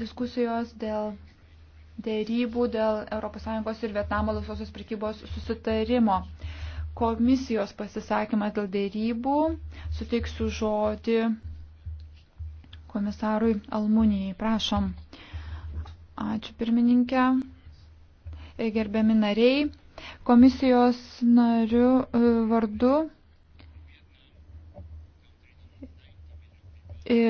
diskusijos dėl dėrybų dėl ES ir Vietnamo laisvosios prekybos susitarimo. Komisijos pasisakymas dėl dėrybų suteiksiu žodį komisarui Almunijai. Prašom. Ačiū pirmininkė. Gerbiami nariai. Komisijos narių e, vardu e,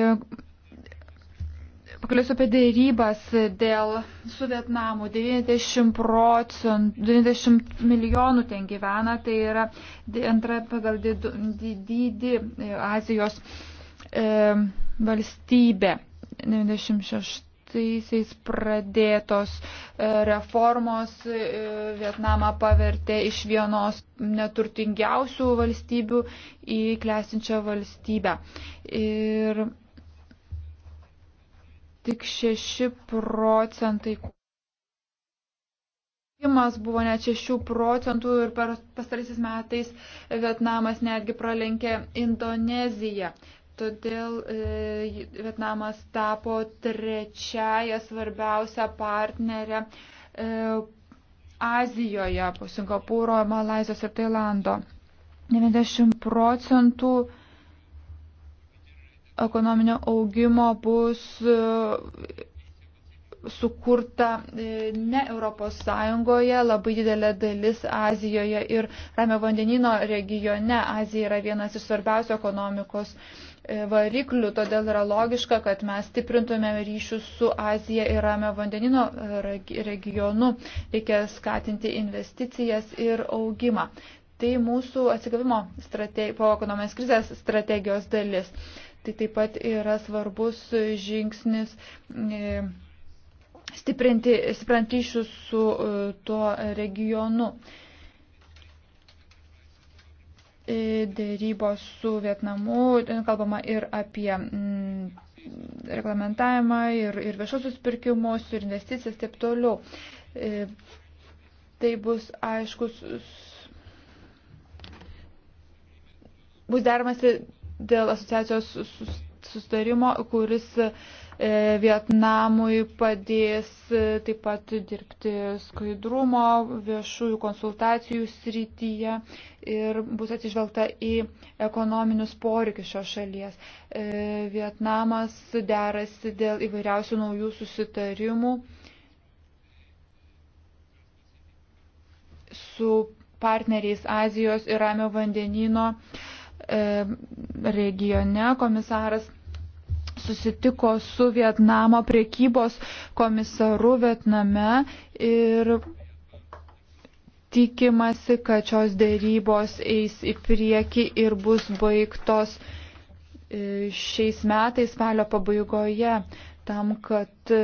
Pakalbėsiu apie dėrybas dėl su Vietnamu. 90 procentų, 90 milijonų ten gyvena, tai yra antra pagal dydį e, Azijos e, valstybė. 96-aisiais pradėtos e, reformos e, Vietnamą pavertė iš vienos neturtingiausių valstybių į klestinčią valstybę. Ir tik 6 procentai. Augimas buvo net 6 procentų ir per pastarysis metais Vietnamas netgi pralenkė Indoneziją. Todėl e, Vietnamas tapo trečiaja svarbiausia partnerė e, Azijoje po Singapūro, Malazijos ir Tailando. 90 procentų ekonominio augimo bus e, sukurta e, ne Europos Sąjungoje, labai didelė dalis Azijoje ir Ramio vandenino regione. Azija yra vienas iš svarbiausių ekonomikos e, variklių, todėl yra logiška, kad mes stiprintume ryšius su Azija ir Ramio vandenino regionu. Reikia skatinti investicijas ir augimą. Tai mūsų atsigavimo po ekonominės krizės strategijos dalis. Tai taip pat yra svarbus žingsnis e, stiprinti, stiprinti ryšius su e, tuo regionu. E, dėrybos su Vietnamu, kalbama ir apie mm, reglamentavimą, ir, ir viešosius pirkimus, ir investicijas, taip toliau. Tai bus aiškus, bus daromasi dėl asociacijos sustarimo, kuris e, Vietnamui padės e, taip pat dirbti skaidrumo, viešųjų konsultacijų srityje ir bus atsižvelgta į ekonominius poreikius šios šalies. E, Vietnamas derasi dėl įvairiausių naujų susitarimų su partneriais Azijos ir Ramio vandenino E, regione komisaras susitiko su Vietnamo priekybos komisaru Vietname ir tikimasi, kad šios dėrybos eis į priekį ir bus baigtos e, šiais metais spalio pabaigoje, tam, kad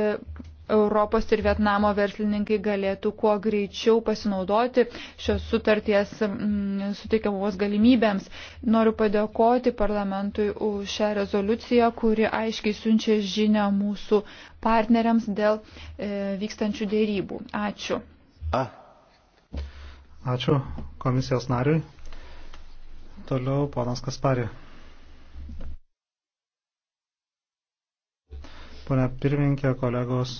Europos ir Vietnamo verslininkai galėtų kuo greičiau pasinaudoti šios sutarties mm, suteikiamos galimybėms. Noriu padėkoti parlamentui už šią rezoliuciją, kuri aiškiai siunčia žinę mūsų partneriams dėl e, vykstančių dėrybų. Ačiū. A. Ačiū komisijos nariui. Toliau ponas Kasparė. Pone pirmininkė, kolegos.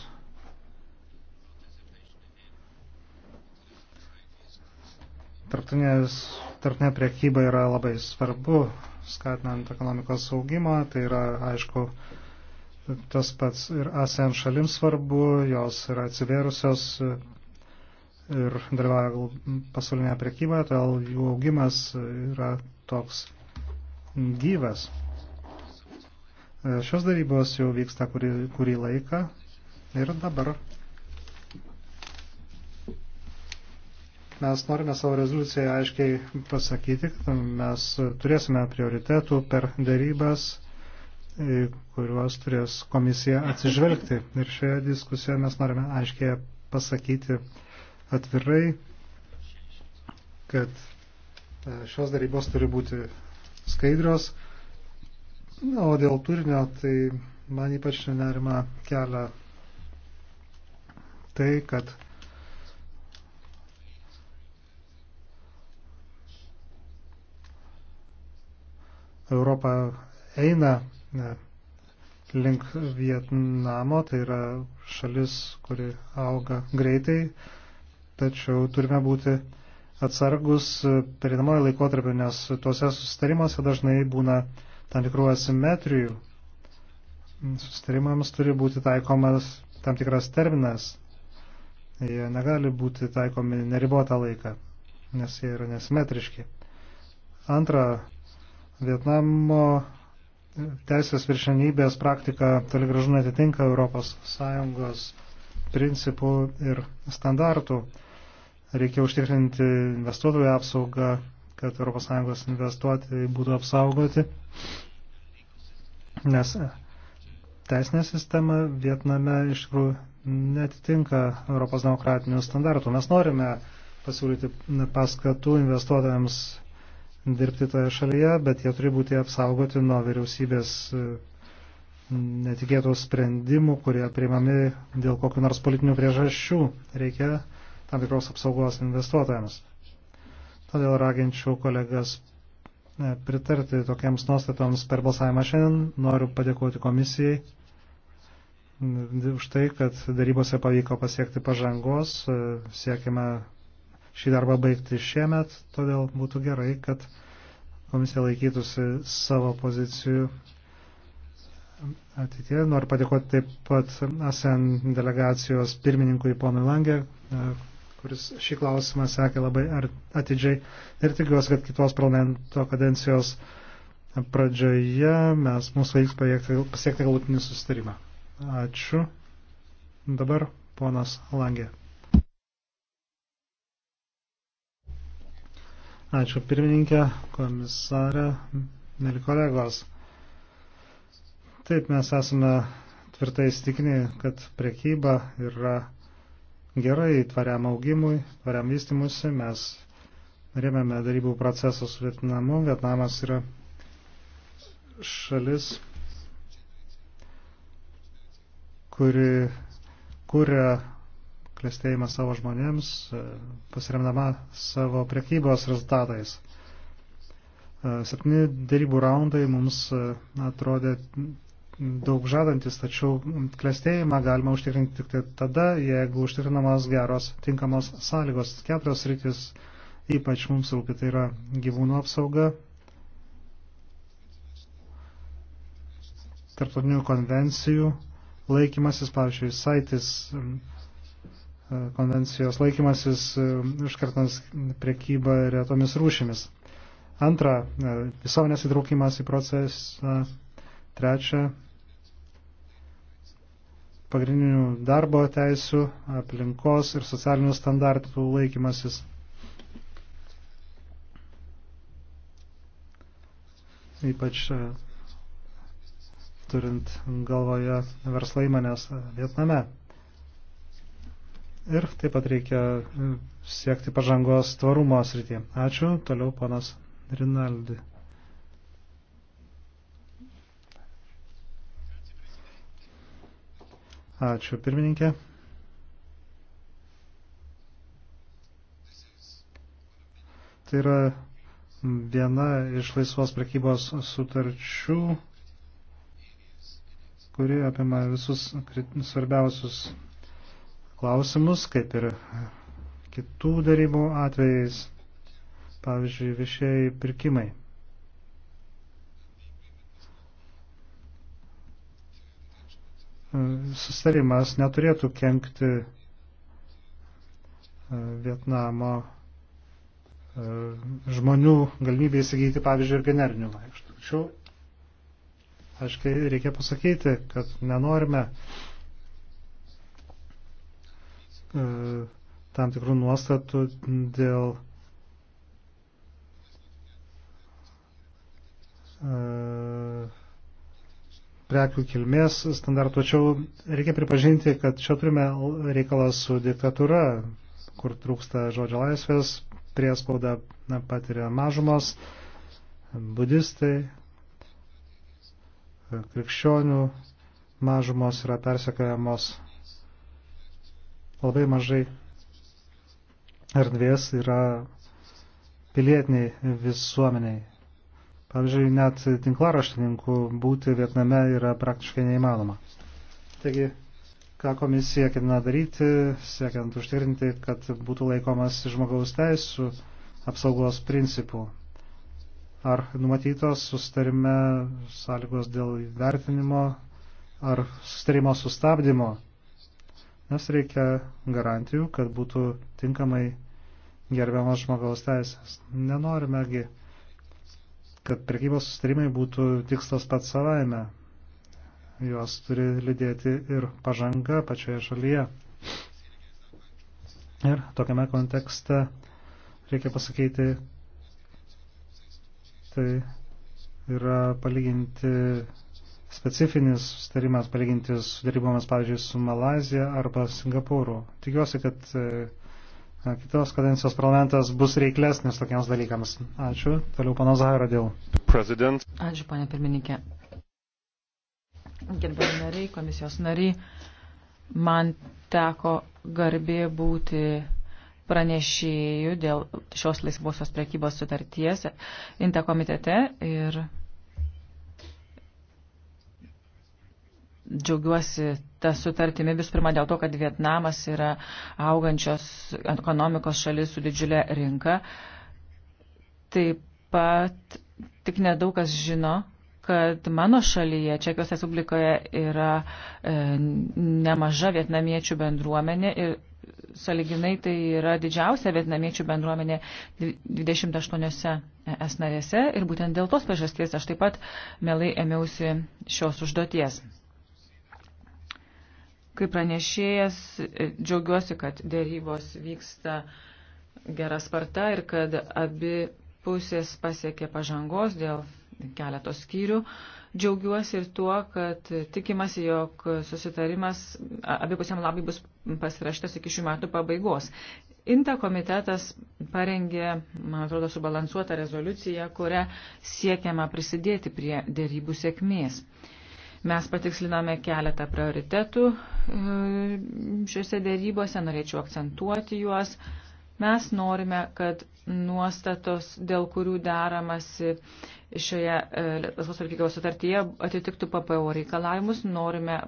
tarptautinė priekyba yra labai svarbu, skatinant ekonomikos augimą, tai yra, aišku, tas pats ir ASEAN šalims svarbu, jos yra atsivėrusios ir dalyvauja pasaulinėje priekyboje, todėl jų augimas yra toks gyvas. Šios darybos jau vyksta kurį, kurį laiką ir dabar Mes norime savo rezoliuciją aiškiai pasakyti, kad mes turėsime prioritetų per darybas, kuriuos turės komisija atsižvelgti. Ir šioje diskusijoje mes norime aiškiai pasakyti atvirai, kad e, šios darybos turi būti skaidrios. Na, o dėl turinio, tai man ypač nerima kelia tai, kad Europa eina e, link Vietnamo, tai yra šalis, kuri auga greitai, tačiau turime būti atsargus perinamojo laikotarpio, nes tuose susitarimuose dažnai būna tam tikrų asimetrijų. Susitarimams turi būti taikomas tam tikras terminas. Jie negali būti taikomi neribotą laiką, nes jie yra nesimetriški. Antra, Vietnamo teisės viršenybės praktika toli gražu netitinka ES principų ir standartų. Reikia užtikrinti investuotojų apsaugą, kad ES investuotojai būtų apsaugoti, nes teisinė sistema Vietname iš tikrųjų netitinka Europos demokratinių standartų. Mes norime pasiūlyti paskatų investuotojams dirbti toje šalyje, bet jie turi būti apsaugoti nuo vyriausybės e, netikėtų sprendimų, kurie priimami dėl kokiu nors politinių priežasčių. Reikia tam tikros apsaugos investuotojams. Todėl raginčiau kolegas e, pritarti tokiems nuostatoms per balsavimą šiandien. Noriu padėkoti komisijai už tai, kad darybose pavyko pasiekti pažangos, e, siekime šį darbą baigti šiemet, todėl būtų gerai, kad komisija laikytųsi savo pozicijų ateitie. Noriu padėkoti taip pat ASEAN delegacijos pirmininkui ponui Langė, e, kuris šį klausimą sekė labai atidžiai ir tikiuosi, kad kitos parlamento kadencijos pradžioje mes mūsų veiks pasiekti galutinį susitarimą. Ačiū. Dabar ponas Langė. Ačiū pirmininkė, komisarė, mėly kolegos. Taip mes esame tvirtai įstikinę, kad prekyba yra gerai tvariam augimui, tvariam vystimusi. Mes rėmėme darybų procesą su Vietnamu. Vietnamas yra šalis, kuri kūrė klėstėjimą savo žmonėms, e, pasiremdama savo prekybos rezultatais. E, septyni dėrybų raundai mums e, atrodė daug žadantis, tačiau klėstėjimą galima užtikrinti tik tai tada, jeigu užtikrinamos geros, tinkamos sąlygos. Keturios rytis ypač mums rūpi, tai yra gyvūnų apsauga, tarptautinių konvencijų laikymasis, pavyzdžiui, saitis E, konvencijos laikymasis užkartans e, priekybą retomis rūšimis. Antra, e, visuomenės įtraukimas į procesą. Trečia, pagrindinių darbo teisų, aplinkos ir socialinių standartų laikymasis. Ypač turint galvoje verslai manęs Vietname ir taip pat reikia e, siekti pažangos tvarumo srityje. Ačiū. Toliau ponas Rinaldi. Ačiū pirmininkė. Tai yra viena iš laisvos prekybos sutarčių, kuri apima visus svarbiausius klausimus, kaip ir kitų darybų atvejais, pavyzdžiui, viešieji pirkimai. Sustarimas neturėtų kenkti e, Vietnamo e, žmonių galimybė įsigyti, pavyzdžiui, ir generinių vaikštų. Tačiau, aiškiai, reikia pasakyti, kad nenorime uh, E, tam tikrų nuostatų dėl e, prekių kilmės standartų. Tačiau reikia pripažinti, kad čia turime reikalą su diktatūra, kur trūksta žodžio laisvės, priespauda patiria mažumos, budistai, e, krikščionių mažumos yra persekiojamos labai mažai erdvės yra pilietiniai visuomeniai. Pavyzdžiui, net tinklaraštininkų būti Vietname yra praktiškai neįmanoma. Taigi, ką komisija ketina daryti, siekiant užtikrinti, kad būtų laikomas žmogaus teisų apsaugos principų. Ar numatytos sustarime sąlygos dėl vertinimo ar sustarimo sustabdymo Nes reikia garantijų, kad būtų tinkamai gerbiamas žmogaus teisės. Nenorimegi, kad prekybos sustarimai būtų tikslas pat savaime. Jos turi lydėti ir pažanga pačioje šalyje. Ir tokiame kontekste reikia pasakyti, tai yra palyginti specifinis sustarimas palyginti su darybomis, pavyzdžiui, su Malazija arba Singapūru. Tikiuosi, kad e, kitos kadencijos parlamentas bus reiklesnis tokiems dalykams. Ačiū. Toliau panas Zairo dėl. President. Ačiū, ponė pirmininkė. Gerbėjai nariai, komisijos nariai, man teko garbė būti pranešėjų dėl šios laisvosios prekybos sutarties Inte komitete ir džiaugiuosi tą sutartimi vis pirma dėl to, kad Vietnamas yra augančios ekonomikos šalis su didžiulė rinka. Taip pat tik nedaug kas žino, kad mano šalyje, Čekijos Respublikoje, yra e, nemaža vietnamiečių bendruomenė ir saliginai tai yra didžiausia vietnamiečių bendruomenė 28 es narėse ir būtent dėl tos priežasties aš taip pat mielai ėmiausi šios užduoties. Kaip pranešėjas, džiaugiuosi, kad dėrybos vyksta gera sparta ir kad abi pusės pasiekė pažangos dėl keletos skyrių. Džiaugiuosi ir tuo, kad tikimasi, jog susitarimas abipusiam labai bus pasirašytas iki šių metų pabaigos. Inta komitetas parengė, man atrodo, subalansuotą rezoliuciją, kuria siekiama prisidėti prie dėrybų sėkmės. Uh, Mes patiksliname keletą prioritetų e, šiuose dėrybose, norėčiau akcentuoti juos. Mes norime, kad nuostatos, dėl kurių deramasi šioje e, Lietuvos valgyklos sutartyje, atitiktų PPO reikalavimus. Norime,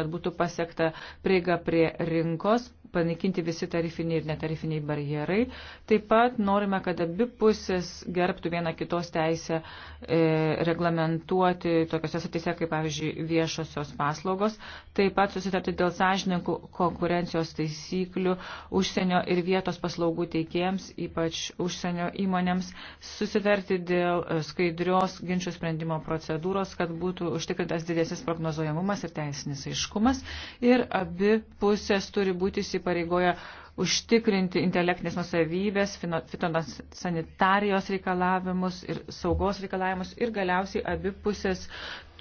kad būtų pasiekta prieiga prie rinkos panaikinti visi tarifiniai ir netarifiniai barjerai. Taip pat norime, kad abi pusės gerbtų vieną kitos teisę e, reglamentuoti tokiuose satise, kaip pavyzdžiui, viešosios paslaugos. Taip pat susitarti dėl sąžininkų konkurencijos taisyklių užsienio ir vietos paslaugų teikėjams, ypač užsienio įmonėms. Susitarti dėl e, skaidrios ginčių sprendimo procedūros, kad būtų užtikrintas didesnis prognozuojamumas ir teisinis aiškumas. Ir abi pusės turi būti įsipareigoję įsipareigoja užtikrinti intelektinės nusavybės, fitosanitarijos reikalavimus ir saugos reikalavimus ir galiausiai abipusės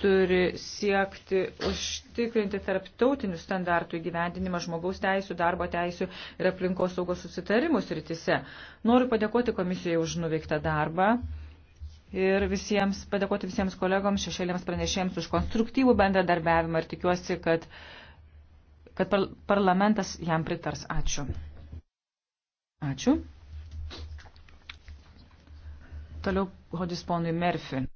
turi siekti užtikrinti tarptautinių standartų įgyvendinimą žmogaus teisų, darbo teisų ir aplinkos saugos susitarimų sritise. Noriu padėkoti komisijai už nuveiktą darbą. Ir visiems, padėkoti visiems kolegoms, šešėlėms pranešėjams už konstruktyvų bendradarbiavimą ir tikiuosi, kad uh, kad par parlamentas jam pritars. Ačiū. Ačiū. Toliau hodis ponui Merfi.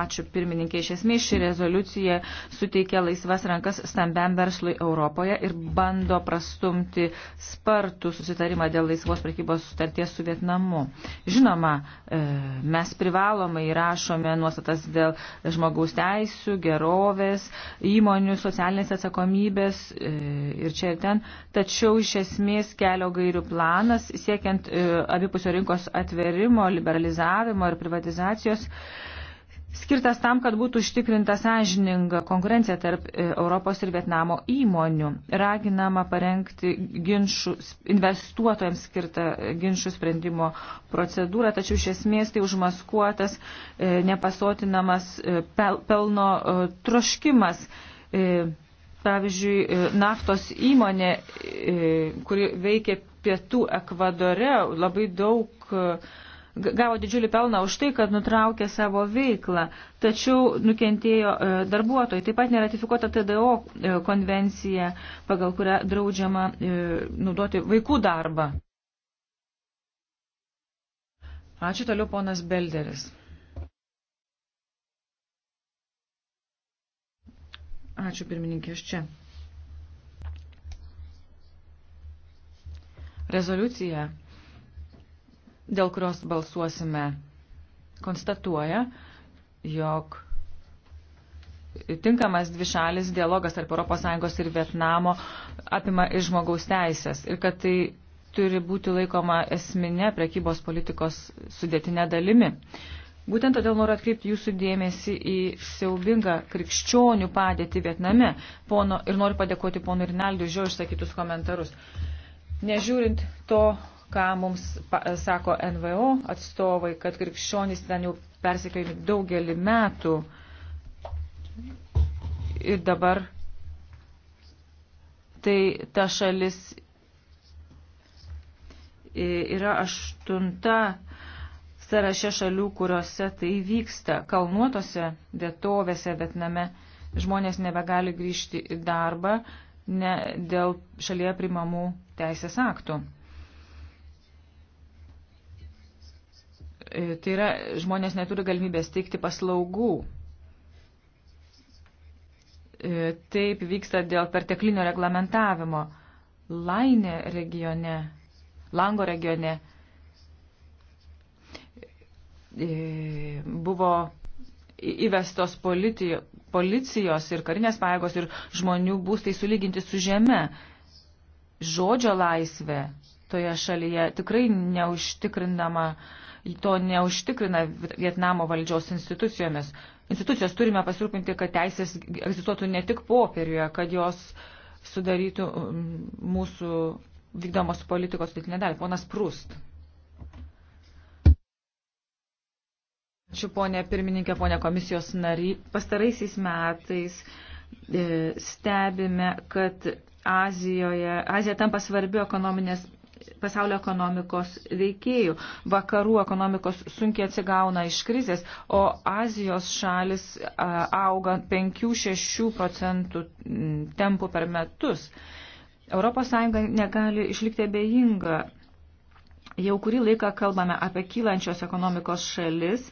Ačiū pirmininkė. Iš esmės ši rezoliucija suteikia laisvas rankas stambiam verslui Europoje ir bando prastumti spartų susitarimą dėl laisvos prekybos sutarties su Vietnamu. Žinoma, e, mes privalomai rašome nuostatas dėl žmogaus teisų, gerovės, įmonių, socialinės atsakomybės e, ir čia ir ten. Tačiau iš esmės kelio gairių planas siekiant e, abipusio rinkos atverimo, liberalizavimo ir privatizacijos skirtas tam, kad būtų užtikrinta sąžininga konkurencija tarp e, Europos ir Vietnamo įmonių. Raginama parengti ginčių, investuotojams skirtą e, ginčių sprendimo procedūrą, tačiau iš esmės tai užmaskuotas e, nepasotinamas pelno troškimas. Pavyzdžiui, naftos įmonė, kuri veikia pietų Ekvadore, labai daug gavo didžiulį pelną už tai, kad nutraukė savo veiklą, tačiau nukentėjo e, darbuotojai. Taip pat neratifikuota TDO e, konvencija, pagal kurią draudžiama e, naudoti vaikų darbą. Ačiū toliau ponas Belderis. Ačiū pirmininkės čia. Rezoliucija dėl kurios balsuosime, konstatuoja, jog tinkamas dvišalis dialogas tarp ES ir Vietnamo apima ir žmogaus teisės ir kad tai turi būti laikoma esminė prekybos politikos sudėtinė dalimi. Būtent todėl noriu atkreipti jūsų dėmesį į siaubingą krikščionių padėtį Vietname pono, ir noriu padėkoti ponui Rinaldiu už jo išsakytus komentarus. Nežiūrint to, ką mums sako NVO atstovai, kad krikščionys ten jau persikėjami daugelį metų ir dabar tai ta šalis yra aštunta sąraše šalių, kuriuose tai vyksta. Kalnuotose vietovėse Vietname žmonės nebegali grįžti į darbą ne dėl šalyje primamų teisės aktų. E, tai yra, žmonės neturi galimybės teikti paslaugų. E, taip vyksta dėl perteklinio reglamentavimo. Lainė regione, Lango regione e, buvo įvestos politi, policijos ir karinės pajėgos ir žmonių būstai sulyginti su žeme. Žodžio laisvė, toje šalyje tikrai neužtikrinama, to neužtikrina Vietnamo valdžios institucijomis. Institucijos turime pasirūpinti, kad teisės egzistuotų ne tik popieriuje, kad jos sudarytų mūsų vykdomos politikos sudėtinę dalį. Ponas Prust. Ačiū, ponė pirmininkė, ponė komisijos nary. Pastaraisiais metais e, stebime, kad Azijoje, Azija tampa svarbi ekonominės pasaulio ekonomikos veikėjų. Vakarų ekonomikos sunkiai atsigauna iš krizės, o Azijos šalis auga 5-6 procentų tempų per metus. ES negali išlikti abejinga. Jau kurį laiką kalbame apie kylančios ekonomikos šalis,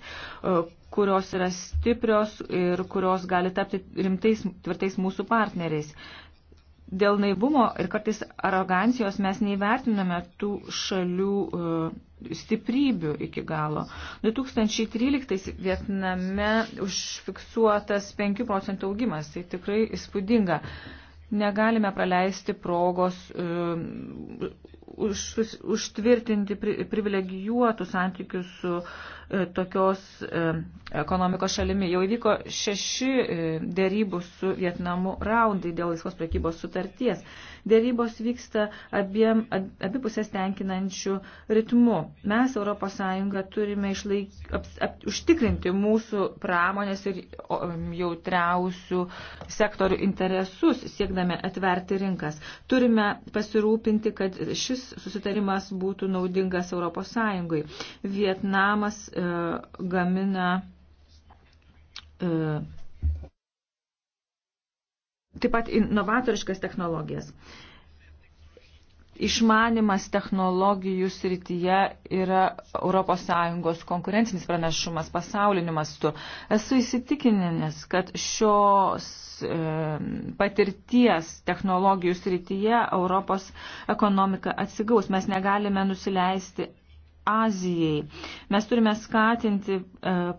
kurios yra stiprios ir kurios gali tapti rimtais, tvirtais mūsų partneriais. Dėl naivumo ir kartais arogancijos mes neįvertiname tų šalių e, stiprybių iki galo. 2013 Vietname užfiksuotas 5 procentų augimas, tai tikrai įspūdinga. Negalime praleisti progos e, už, užtvirtinti privilegijuotų santykių su uh, E, tokios e, ekonomikos šalimi. Jau įvyko šeši e, dėrybų su Vietnamu raundai dėl laisvos prekybos sutarties. Dėrybos vyksta abiem, abipusės tenkinančių ritmu. Mes, ES, turime išlaik, ap, ap, užtikrinti mūsų pramonės ir o, jautriausių sektorių interesus, siekdami atverti rinkas. Turime pasirūpinti, kad šis susitarimas būtų naudingas ES. Vietnamas e, gamina e, taip pat inovatoriškas technologijas. Išmanimas technologijų srityje yra ES konkurencinis pranašumas pasauliniu mastu. Esu įsitikinęs, kad šios e, patirties technologijų srityje Europos ekonomika atsigaus. Mes negalime nusileisti Azijai. Mes turime skatinti e,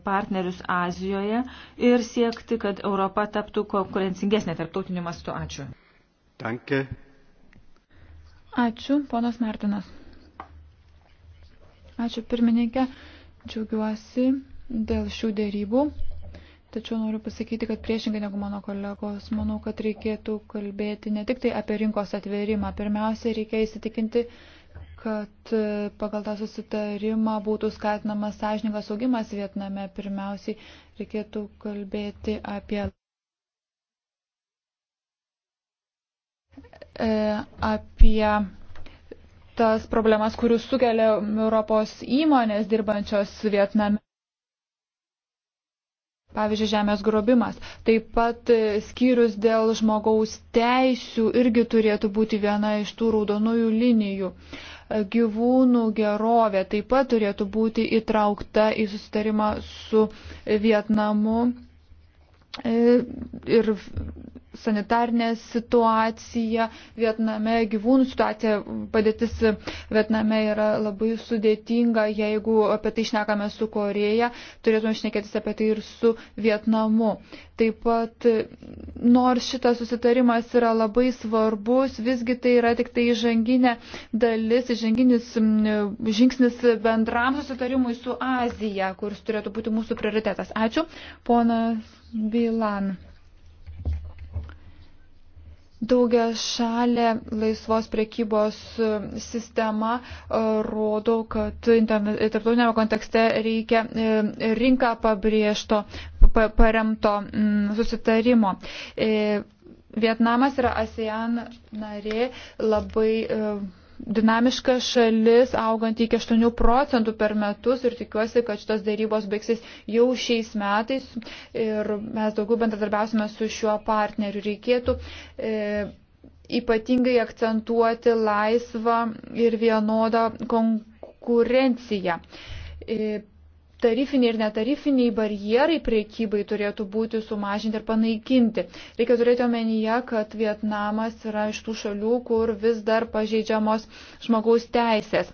partnerius Azijoje ir siekti, kad Europa taptų konkurencingesnė tarptautiniu mastu. Ačiū. Danke. Ačiū, ponas Martinas. Ačiū, pirmininkė. Džiaugiuosi dėl šių dėrybų. Tačiau noriu pasakyti, kad priešingai negu mano kolegos, manau, kad reikėtų kalbėti ne tik tai apie rinkos atvėrimą. Pirmiausia, reikia įsitikinti, kad pagal tą susitarimą būtų skatinamas sąžininkas augimas Vietname. Pirmiausiai reikėtų kalbėti apie. E, apie tas problemas, kurių sukelia Europos įmonės dirbančios Vietname. Pavyzdžiui, žemės grobimas. Taip pat e, skyrius dėl žmogaus teisių irgi turėtų būti viena iš tų raudonųjų linijų. E, gyvūnų gerovė taip pat turėtų būti įtraukta į susitarimą su Vietnamu e, ir sanitarnė situacija Vietname, gyvūnų situacija, padėtis Vietname yra labai sudėtinga, jeigu apie tai šnekame su Koreja, turėtume šnekėtis apie tai ir su Vietnamu. Taip pat, nors šitas susitarimas yra labai svarbus, visgi tai yra tik tai žanginė dalis, žanginis žingsnis bendram susitarimui su Azija, kuris turėtų būti mūsų prioritetas. Ačiū, ponas Bilan daugia šalė laisvos prekybos sistema e, rodo, kad tarptautinėme kontekste reikia e, rinką pabrėžto, paremto mm, susitarimo. E, Vietnamas yra ASEAN narė labai dinamiška šalis augant iki 8 procentų per metus ir tikiuosi, kad šitos dėrybos baigsis jau šiais metais ir mes daugiau bendradarbiausime su šiuo partneriu. Reikėtų e, ypatingai akcentuoti laisvą ir vienodą konkurenciją. E, tarifiniai ir netarifiniai barjerai priekybai turėtų būti sumažinti ir panaikinti. Reikia turėti omenyje, kad Vietnamas yra iš tų šalių, kur vis dar pažeidžiamos žmogaus teisės.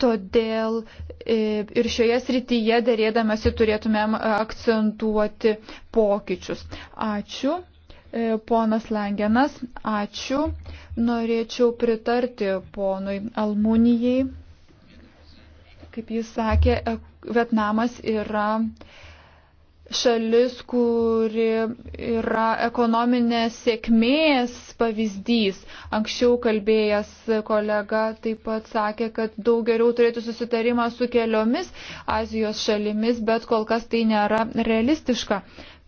Todėl e, ir šioje srityje dėrėdamasi turėtumėm akcentuoti pokyčius. Ačiū. E, ponas Langenas, ačiū. Norėčiau pritarti ponui Almunijai kaip jis sakė, Vietnamas yra šalis, kuri yra ekonominės sėkmės pavyzdys. Anksčiau kalbėjęs kolega taip pat sakė, kad daug geriau turėtų susitarimą su keliomis Azijos šalimis, bet kol kas tai nėra realistiška.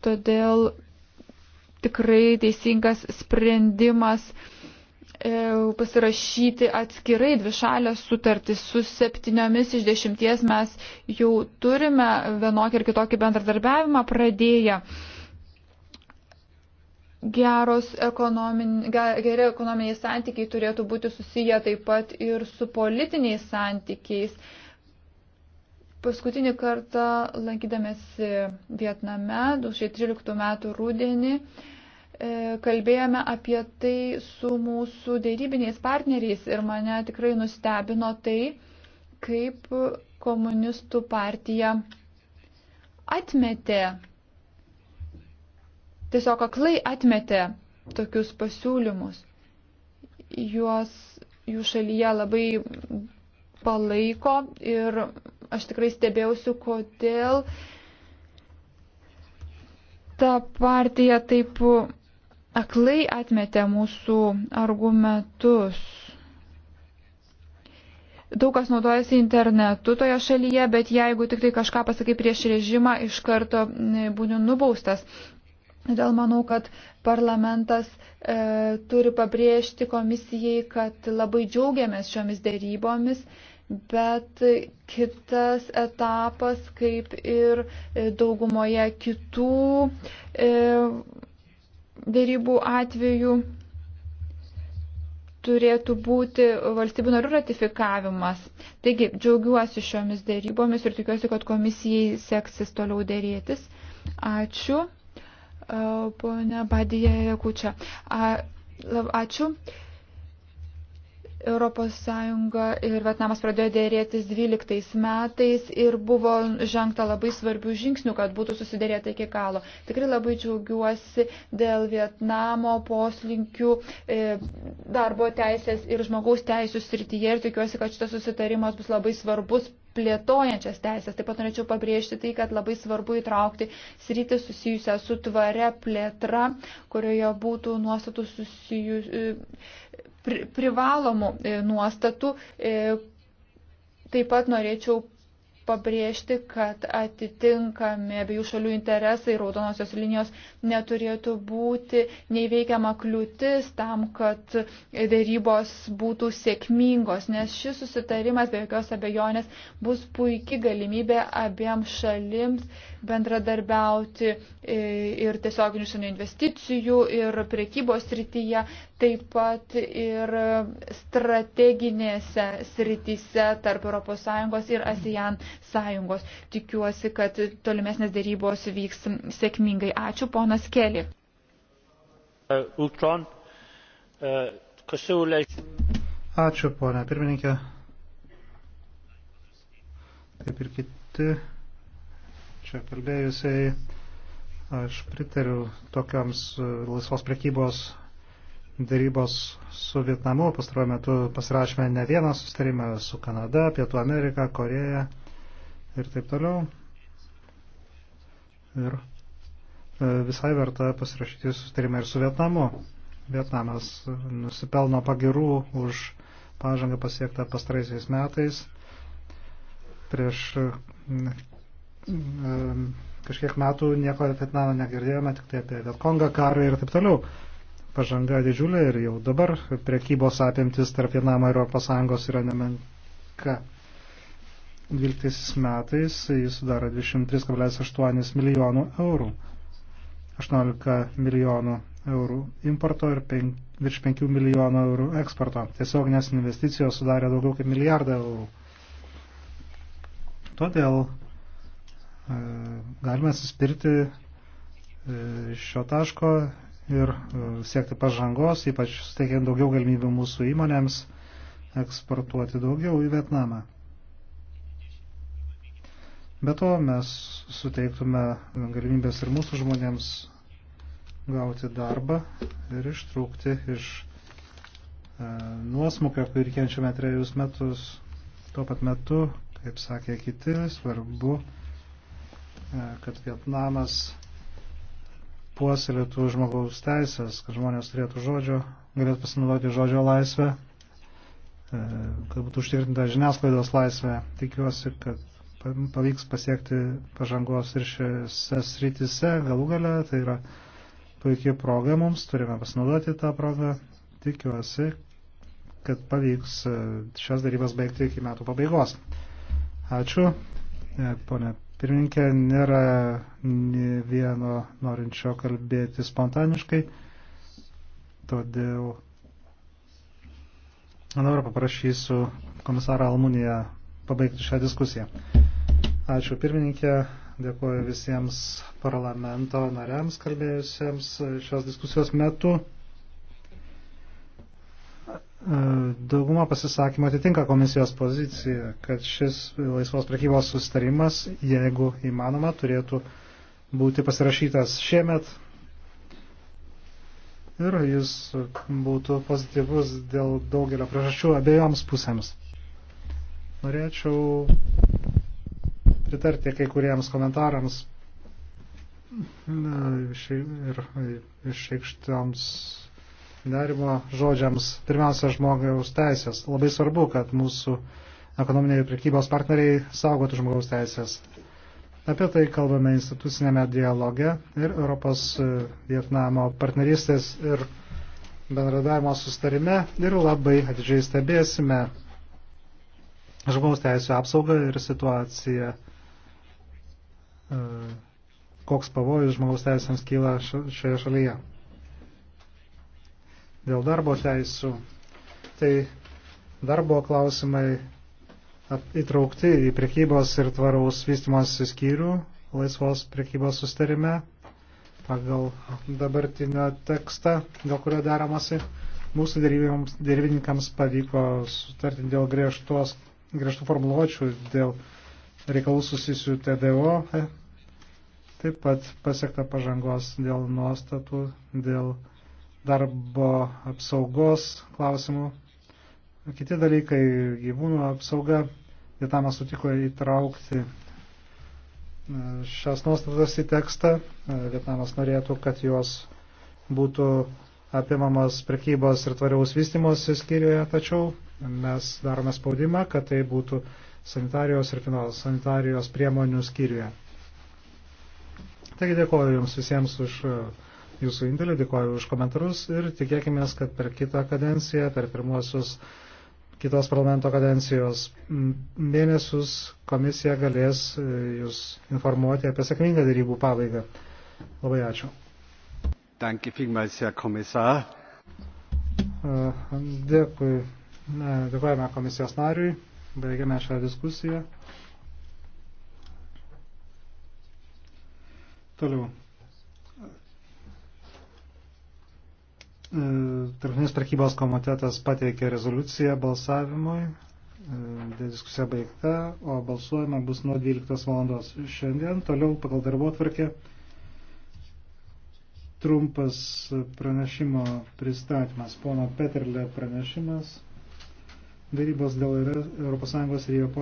Todėl tikrai teisingas sprendimas E, pasirašyti atskirai dvišalę sutartį. Su septyniomis iš dešimties mes jau turime vienokį ir kitokį bendradarbiavimą pradėję. Geros ekonomin, geri ekonominiai santykiai turėtų būti susiję taip pat ir su politiniais santykiais. Paskutinį kartą lankydamėsi Vietname 2013 m. rūdienį E, kalbėjome apie tai su mūsų dėrybiniais partneriais ir mane tikrai nustebino tai, kaip komunistų partija atmetė, tiesiog aklai atmetė tokius pasiūlymus. Juos jų šalyje labai palaiko ir aš tikrai stebėjausiu, kodėl ta partija taip aklai atmetė mūsų argumentus. Daug kas naudojasi internetu toje šalyje, bet jeigu tik tai kažką pasakai prieš režimą, iš karto būni nubaustas. Todėl manau, kad parlamentas e, turi pabrėžti komisijai, kad labai džiaugiamės šiomis dėrybomis, bet kitas etapas, kaip ir e, daugumoje kitų. E, dėrybų atveju turėtų būti valstybių narių ratifikavimas. Taigi, džiaugiuosi šiomis dėrybomis ir tikiuosi, kad komisijai seksis toliau dėrėtis. Ačiū. E, Pone Badija Jakučia. Ačiū. ES ir Vietnamas pradėjo dėrėtis 12 metais ir buvo žengta labai svarbių žingsnių, kad būtų susidėrėta iki galo. Tikrai labai džiaugiuosi dėl Vietnamo poslinkių e, darbo teisės ir žmogaus teisų srityje ir tikiuosi, kad šitas susitarimas bus labai svarbus plėtojančias teisės. Taip pat norėčiau pabrėžti tai, kad labai svarbu įtraukti sritį susijusią su tvare plėtra, kurioje būtų nuostatų susijus, pri, privalomų e, nuostatų. E, taip pat norėčiau pabrėžti, kad atitinkami abiejų šalių interesai raudonosios linijos neturėtų būti neįveikiama kliūtis tam, kad dėrybos būtų sėkmingos, nes šis susitarimas be jokios abejonės bus puikia galimybė abiem šalims bendradarbiauti e, ir tiesioginių šiandien investicijų, ir priekybos srityje, taip pat ir strateginėse srityse tarp ES ir ASEAN sąjungos. Tikiuosi, kad tolimesnės dėrybos vyks sėkmingai. Ačiū, ponas Keli. Uh, uh, Ačiū, ponia pirmininkė. Kaip ir kiti čia kalbėjusiai. Aš pritariu tokiams e, laisvos prekybos darybos su Vietnamu. Pastaruoju metu pasirašėme ne vieną sustarimą su Kanada, Pietų Amerika, Koreja ir taip toliau. Ir e, visai verta pasirašyti sustarimą ir su Vietnamu. Vietnamas nusipelno pagirų už pažangą pasiektą pastaraisiais metais. Prieš kažkiek metų nieko apie Vietnamą negirdėjome, tik tai apie Vietkongą, karą ir taip toliau. Pažanga didžiulė ir jau dabar priekybos apimtis tarp Vietnamo ir Europos Sąjungos yra nemenka. 12 metais jis sudaro 23,8 milijonų eurų, 18 milijonų eurų importo ir 5, virš 5 milijonų eurų eksporto. Tiesioginės investicijos sudarė daugiau kaip milijardą eurų. Todėl E, galime suspirti e, šio taško ir e, siekti pažangos, ypač suteikiant daugiau galimybių mūsų įmonėms eksportuoti daugiau į Vietnamą. Be to mes suteiktume galimybės ir mūsų žmonėms gauti darbą ir ištrūkti iš e, nuosmukio, kurį kenčiame trejus metus. Tuo pat metu, kaip sakė kiti, svarbu E, kad Vietnamas puoselėtų žmogaus teisės, kad žmonės turėtų žodžio, galėtų pasinaudoti žodžio laisvę, e, kad būtų užtikrinta žiniasklaidos laisvė. Tikiuosi, kad pavyks pasiekti pažangos ir šiose srityse galų gale. Tai yra puikia proga mums, turime pasinaudoti tą progą. Tikiuosi, kad pavyks e, šias darybas baigti iki metų pabaigos. Ačiū, ponė Pirminkė, nėra vieno norinčio kalbėti spontaniškai, todėl dabar paprašysiu komisarą Almuniją pabaigti šią diskusiją. Ačiū pirmininkė, dėkuoju visiems parlamento nariams kalbėjusiems šios diskusijos metu. E, dauguma pasisakymų atitinka komisijos poziciją, kad šis laisvos prekybos sustarimas, jeigu įmanoma, turėtų būti pasirašytas šiemet ir jis būtų pozityvus dėl daugelio priežasčių abiejoms pusėms. Norėčiau pritarti kai kuriems komentarams e, ir e, išreikštams darimo žodžiams, pirmiausia, žmogaus teisės. Labai svarbu, kad mūsų ekonominiai prekybos partneriai saugotų žmogaus teisės. Apie tai kalbame institucinėme dialoge ir Europos e, Vietnamo partnerystės ir bendradavimo sustarime ir labai atidžiai stebėsime žmogaus teisų apsaugą ir situaciją, e, koks pavojus žmogaus teisėms kyla šioje šalyje dėl darbo teisų, tai darbo klausimai įtraukti į priekybos ir tvaraus vystimos skyrių laisvos priekybos sustarime pagal dabartinio tekstą, dėl kurio deramasi. Mūsų dėrybininkams pavyko sutarti dėl griežtos, griežtų formuluočių, dėl reikalų susijusių TDO. E, taip pat pasiekta pažangos dėl nuostatų, dėl darbo apsaugos klausimų. Kiti dalykai, gyvūnų apsauga, Vietnamas sutiko įtraukti e, šias nuostatas į tekstą. E, Vietnamas norėtų, kad jos būtų apimamas prekybos ir tvariaus vystimos skyriuje, tačiau mes darome spaudimą, kad tai būtų sanitarijos ir finosanitarijos priemonių skyriuje. Taigi dėkoju Jums visiems už e, jūsų indėlį, dėkoju už komentarus ir tikėkime, kad per kitą kadenciją, per pirmuosius kitos parlamento kadencijos mėnesius komisija galės e, jūs informuoti apie sėkmingą darybų pabaigą. Labai ačiū. Danke vielmals, Herr Kommissar. E, dėkui. Dėkojame komisijos nariui. Baigiame šią diskusiją. Toliau. Tarptautinis prekybos komitetas pateikė rezoliuciją balsavimui. E, diskusija baigta, o balsuojama bus nuo 12 valandos šiandien. Toliau pagal darbo tvarkė trumpas pranešimo pristatymas. Pono Peterle pranešimas. Darybos dėl ES ir Japonijos.